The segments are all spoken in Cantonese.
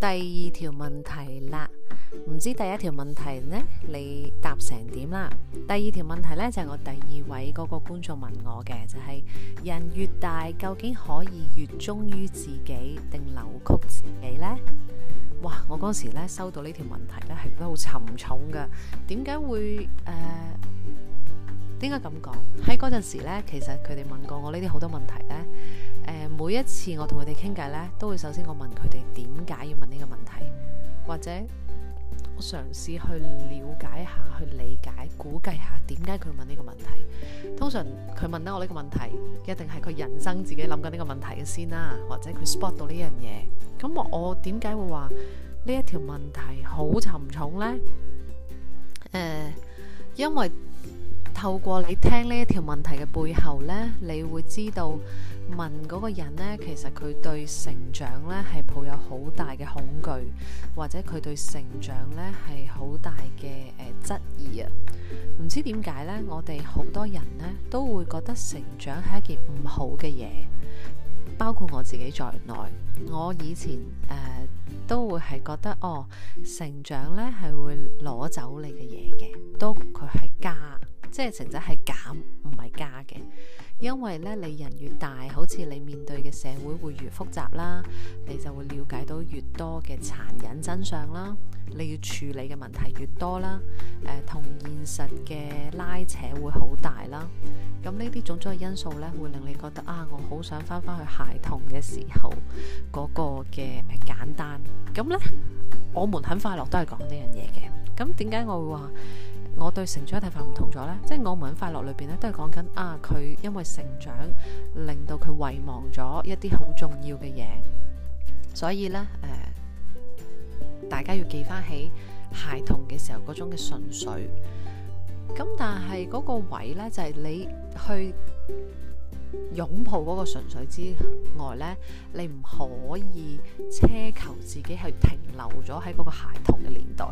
第二條問題啦，唔知第一條問題呢你答成點啦？第二條問題呢，就係、是、我第二位嗰個觀眾問我嘅，就係、是、人越大究竟可以越忠於自己定扭曲自己呢？」哇！我嗰時呢收到呢條問題呢，係覺得好沉重噶。點解會誒？點解咁講？喺嗰陣時呢，其實佢哋問過我呢啲好多問題呢。每一次我同佢哋傾偈呢，都會首先我問佢哋點解要問呢個問題，或者我嘗試去了解下、去理解、估計下點解佢問呢個問題。通常佢問得我呢個問題，一定係佢人生自己諗緊呢個問題嘅先啦，或者佢 spot 到呢樣嘢。咁我點解會話呢一條問題好沉重呢？誒、呃，因為。透過你聽呢一條問題嘅背後呢，你會知道，問嗰個人呢，其實佢對成長呢係抱有好大嘅恐懼，或者佢對成長呢係好大嘅誒質疑啊！唔知點解呢，我哋好多人呢都會覺得成長係一件唔好嘅嘢，包括我自己在內。我以前誒、呃、都會係覺得哦，成長呢係會攞走你嘅嘢嘅。都即係成長係減唔係加嘅，因為咧你人越大，好似你面對嘅社會會越複雜啦，你就會了解到越多嘅殘忍真相啦，你要處理嘅問題越多啦，同、呃、現實嘅拉扯會好大啦。咁呢啲種種嘅因素咧，會令你覺得啊，我好想翻翻去孩童嘅時候嗰、嗰個嘅簡單。咁呢，我們很快樂都係講呢樣嘢嘅。咁點解我會話？我對成長嘅睇法唔同咗，呢，即係我唔喺快樂裏邊呢，都係講緊啊。佢因為成長令到佢遺忘咗一啲好重要嘅嘢，所以呢誒，大家要記翻起孩童嘅時候嗰種嘅純粹。咁但係嗰個位呢，就係你去擁抱嗰個純粹之外呢，你唔可以奢求自己去停留咗喺嗰個孩童嘅年代。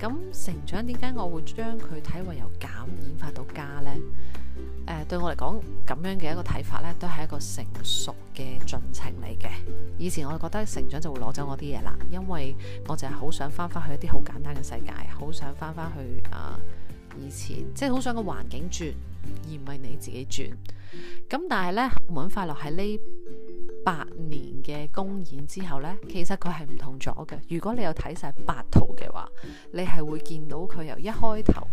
咁成長點解我會將佢睇為由減演化到加呢？誒、呃，對我嚟講咁樣嘅一個睇法呢，都係一個成熟嘅進程嚟嘅。以前我覺得成長就會攞走我啲嘢啦，因為我就係好想返返去一啲好簡單嘅世界，好想返返去啊、呃、以前，即係好想個環境轉，而唔係你自己轉。咁但係呢，揾快樂喺呢？八年嘅公演之後呢，其實佢係唔同咗嘅。如果你有睇晒八圖嘅話，你係會見到佢由一開頭，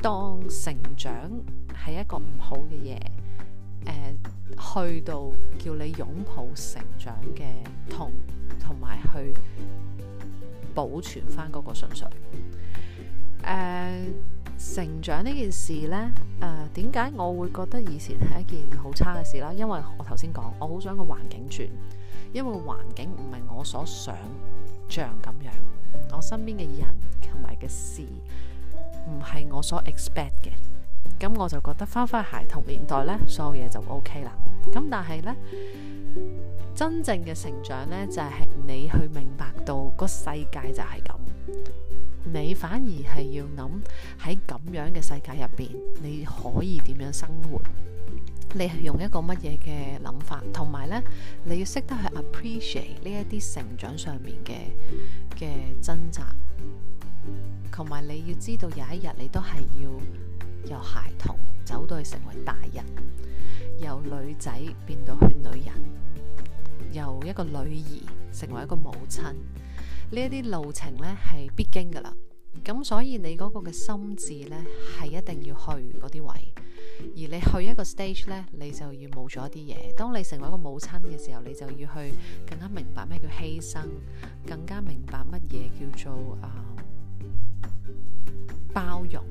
當成長係一個唔好嘅嘢、呃，去到叫你擁抱成長嘅痛，同埋去保存翻嗰個純粹，呃成長呢件事呢，誒、呃，點解我會覺得以前係一件好差嘅事啦？因為我頭先講，我好想個環境轉，因為個環境唔係我所想象咁樣，我身邊嘅人同埋嘅事唔係我所 expect 嘅，咁我就覺得翻翻孩童年代呢，所有嘢就 OK 啦。咁但係呢，真正嘅成長呢，就係、是、你去明白到個世界就係咁。你反而係要諗喺咁樣嘅世界入邊，你可以點樣生活？你係用一個乜嘢嘅諗法，同埋呢，你要識得去 appreciate 呢一啲成長上面嘅嘅掙扎，同埋你要知道有一日你都係要由孩童走到去成為大人，由女仔變到去女人，由一個女兒成為一個母親。呢啲路程咧，係必經噶啦，咁所以你嗰個嘅心智咧，係一定要去嗰啲位，而你去一個 stage 咧，你就要冇咗啲嘢。當你成為一個母親嘅時候，你就要去更加明白咩叫犧牲，更加明白乜嘢叫做啊、呃、包容，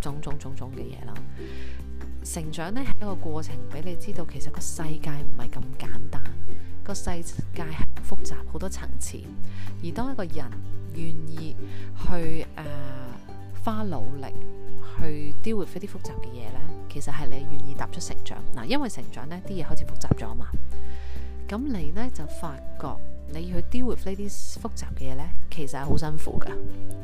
種種種種嘅嘢啦。成長咧，係一個過程，俾你知道其實個世界唔係咁簡單。個世界係複雜，好多層次。而當一個人願意去誒、呃、花努力去 deal with 呢啲複雜嘅嘢呢，其實係你願意踏出成長。嗱，因為成長呢啲嘢開始複雜咗嘛，咁你呢就發覺你要去 deal with 呢啲複雜嘅嘢呢，其實係好辛苦噶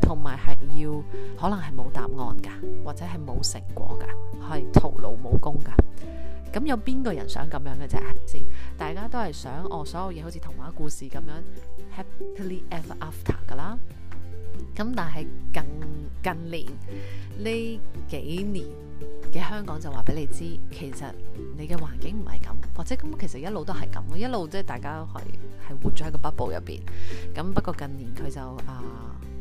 同埋係要可能係冇答案噶或者係冇成果噶係徒勞無功噶咁有邊個人想咁樣嘅啫？係先？大家都係想哦，所有嘢好似童話故事咁樣 ，happily ever after 嘅啦。咁但係近近年呢幾年嘅香港就話俾你知，其實你嘅環境唔係咁，或者咁其實一路都係咁，一路即係大家係係活咗喺個 bubble 入邊。咁不過近年佢就啊，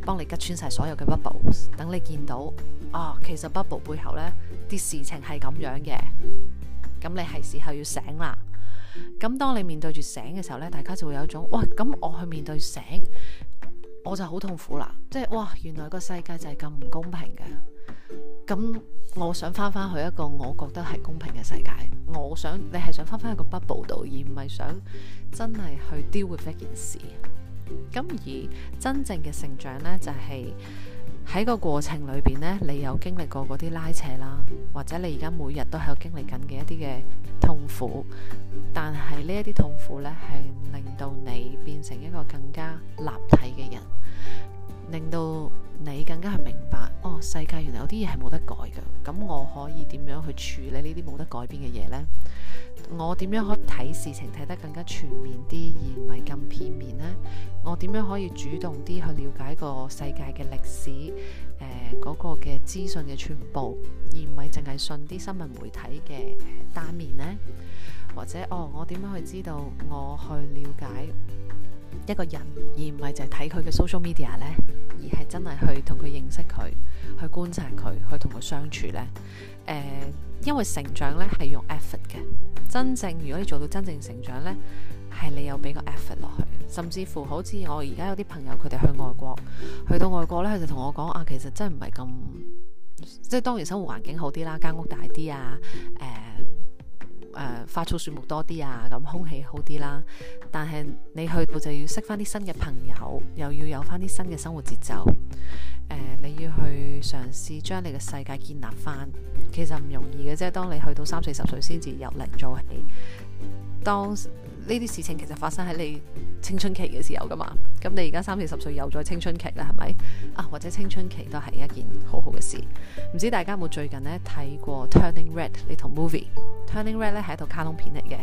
幫、呃、你吉穿晒所有嘅 bubbles 等你見到啊，其實 bubble 背後呢啲事情係咁樣嘅。咁你係時候要醒啦，咁當你面對住醒嘅時候呢，大家就會有一種，哇，咁我去面對醒，我就好痛苦啦，即係哇，原來個世界就係咁唔公平嘅，咁我想翻翻去一個我覺得係公平嘅世界，我想你係想翻翻去個 bubble 度，而唔係想真係去 deal with 一件事，咁而真正嘅成長呢，就係、是。喺個過程裏邊呢，你有經歷過嗰啲拉扯啦，或者你而家每日都喺度經歷緊嘅一啲嘅痛苦，但係呢一啲痛苦呢，係令到你變成一個更加立體嘅人，令到你更加係明白，哦，世界原來有啲嘢係冇得改嘅，咁我可以點樣去處理呢啲冇得改變嘅嘢呢？我點樣可以睇事情睇得更加全面啲，而唔係咁片面呢？我點樣可以主動啲去了解個世界嘅歷史？誒，嗰個嘅資訊嘅全部，而唔係淨係信啲新聞媒體嘅單面呢？或者哦，我點樣去知道我去了解一個人，而唔係就係睇佢嘅 social media 呢？而係真係去同佢認識佢，去觀察佢，去同佢相處呢？誒。因為成長咧係用 effort 嘅，真正如果你做到真正成長咧，係你有俾個 effort 落去，甚至乎好似我而家有啲朋友佢哋去外國，去到外國咧，佢就同我講啊，其實真係唔係咁，即係當然生活環境好啲啦，間屋大啲啊，誒、呃。誒，花草樹木多啲啊，咁空氣好啲啦。但係你去到就要識翻啲新嘅朋友，又要有翻啲新嘅生活節奏。誒、呃，你要去嘗試將你嘅世界建立翻，其實唔容易嘅啫。當你去到三四十歲，先至入嚟做起。當呢啲事情其實發生喺你青春期嘅時候㗎嘛，咁你而家三四十歲又再青春期啦，係咪啊？或者青春期都係一件好好嘅事。唔知大家有冇最近呢睇過《Turning Red》呢套 movie，《Turning Red》咧係一套卡通片嚟嘅，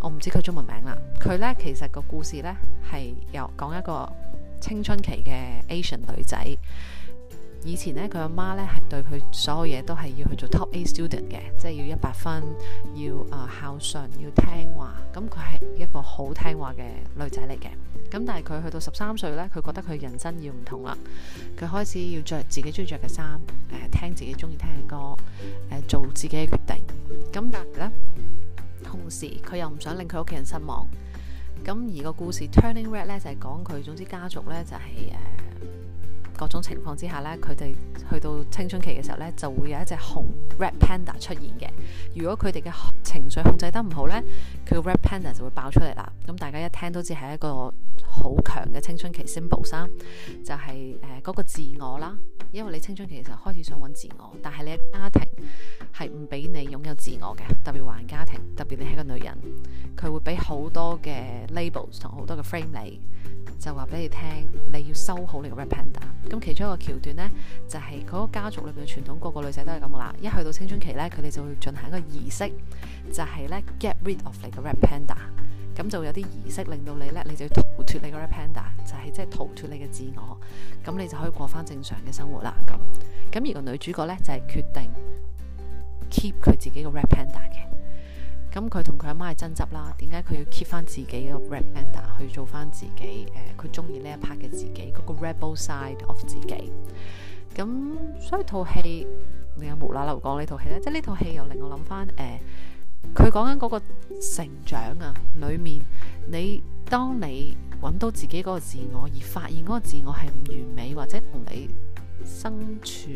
我唔知佢中文名啦。佢呢其實個故事呢係有講一個青春期嘅 Asian 女仔。以前咧，佢阿媽咧係對佢所有嘢都係要去做 top A student 嘅，即係要一百分，要誒孝順，要聽話。咁佢係一個好聽話嘅女仔嚟嘅。咁但係佢去到十三歲咧，佢覺得佢人生要唔同啦。佢開始要著自己中意著嘅衫，誒聽自己中意聽嘅歌，誒做自己嘅決定。咁但係咧，同時佢又唔想令佢屋企人失望。咁而個故事 Turning Red 咧就係講佢，總之家族咧就係誒。各種情況之下咧，佢哋去到青春期嘅時候咧，就會有一隻紅 red panda 出現嘅。如果佢哋嘅情緒控制得唔好咧，佢個 red panda 就會爆出嚟啦。咁大家一聽都知係一個。好強嘅青春期 symbol 三、啊、就係誒嗰個自我啦，因為你青春期其實開始想揾自我，但係你嘅家庭係唔俾你擁有自我嘅，特別華人家庭，特別你係個女人，佢會俾好多嘅 labels 同好多嘅 frame 你，就話俾你聽你要收好你個 Red Panda。咁其中一個橋段呢，就係、是、嗰個家族裏邊嘅傳統，個個女仔都係咁噶啦。一去到青春期呢，佢哋就會進行一個儀式，就係、是、呢：「get rid of 你個 Red Panda。咁就會有啲儀式令到你呢，你就。逃脫你個 rap panda 就係即係逃脫你嘅自我，咁你就可以過翻正常嘅生活啦。咁咁而個女主角呢，就係、是、決定 keep 佢自己個 rap panda 嘅，咁佢同佢阿媽係爭執啦。點解佢要 keep 翻自己個 rap panda 去做翻自己？誒、呃，佢中意呢一 part 嘅自己嗰、那個 rebel side of 自己。咁所以套戲你有無啦啦講呢套戲呢？即係呢套戲又令我諗翻誒。呃佢講緊嗰個成長啊，裏面你當你揾到自己嗰個自我，而發現嗰個自我係唔完美，或者同你身處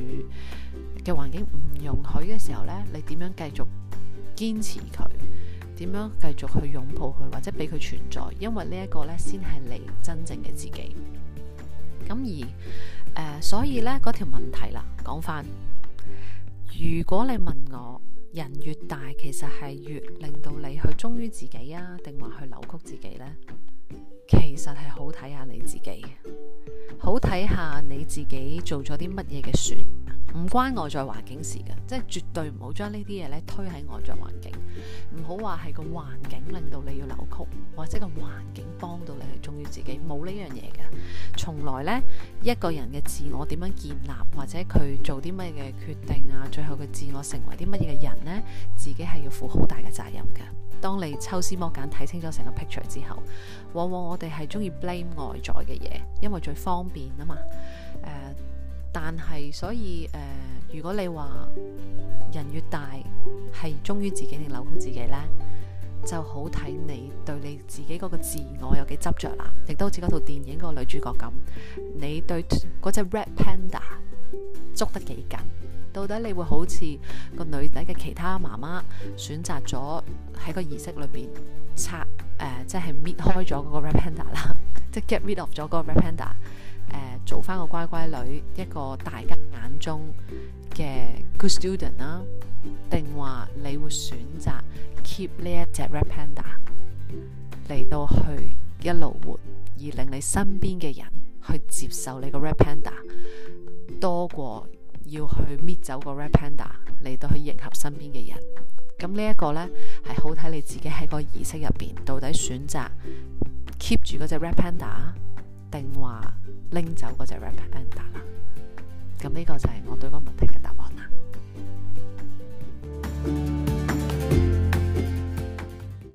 嘅環境唔容許嘅時候呢，你點樣繼續堅持佢？點樣繼續去擁抱佢，或者俾佢存在？因為呢一個呢，先係你真正嘅自己。咁而、呃、所以呢，嗰條問題啦，講翻，如果你問我？人越大，其實係越令到你去忠於自己啊，定話去扭曲自己呢？其實係好睇下你自己嘅，好睇下你自己做咗啲乜嘢嘅船。唔關外在環境事㗎，即係絕對唔好將呢啲嘢咧推喺外在環境，唔好話係個環境令到你要扭曲，或者個環境幫到你去忠於自己，冇呢樣嘢嘅。從來呢，一個人嘅自我點樣建立，或者佢做啲乜嘢嘅決定啊，最後佢自我成為啲乜嘢嘅人呢，自己係要負好大嘅責任嘅。當你抽絲剝繭睇清楚成個 picture 之後，往往我哋係中意 blame 外在嘅嘢，因為最方便啊嘛，誒、呃。但係，所以誒、呃，如果你話人越大係忠於自己定扭曲自己呢，就好睇你對你自己嗰個自我有幾執着啦、啊。亦都好似嗰套電影嗰、那個女主角咁，你對嗰隻 Red Panda 捉得幾緊？到底你會好似個女仔嘅其他媽媽，選擇咗喺個儀式裏邊拆誒、呃，即係搣開咗嗰個 Red Panda 啦， 即係 get rid of 咗嗰個 Red Panda。做翻個乖乖女，一個大家眼中嘅 good student 啦、啊，定話你會選擇 keep 呢一隻 red panda 嚟到去一路活，而令你身邊嘅人去接受你個 red panda 多過要去搣走個 red panda 嚟到去迎合身邊嘅人。咁呢一個呢，係好睇你自己喺個儀式入邊到底選擇 keep 住嗰隻 red panda。定話拎走隻 Rambo Panda 啦，咁呢個就係我對個問題嘅答案。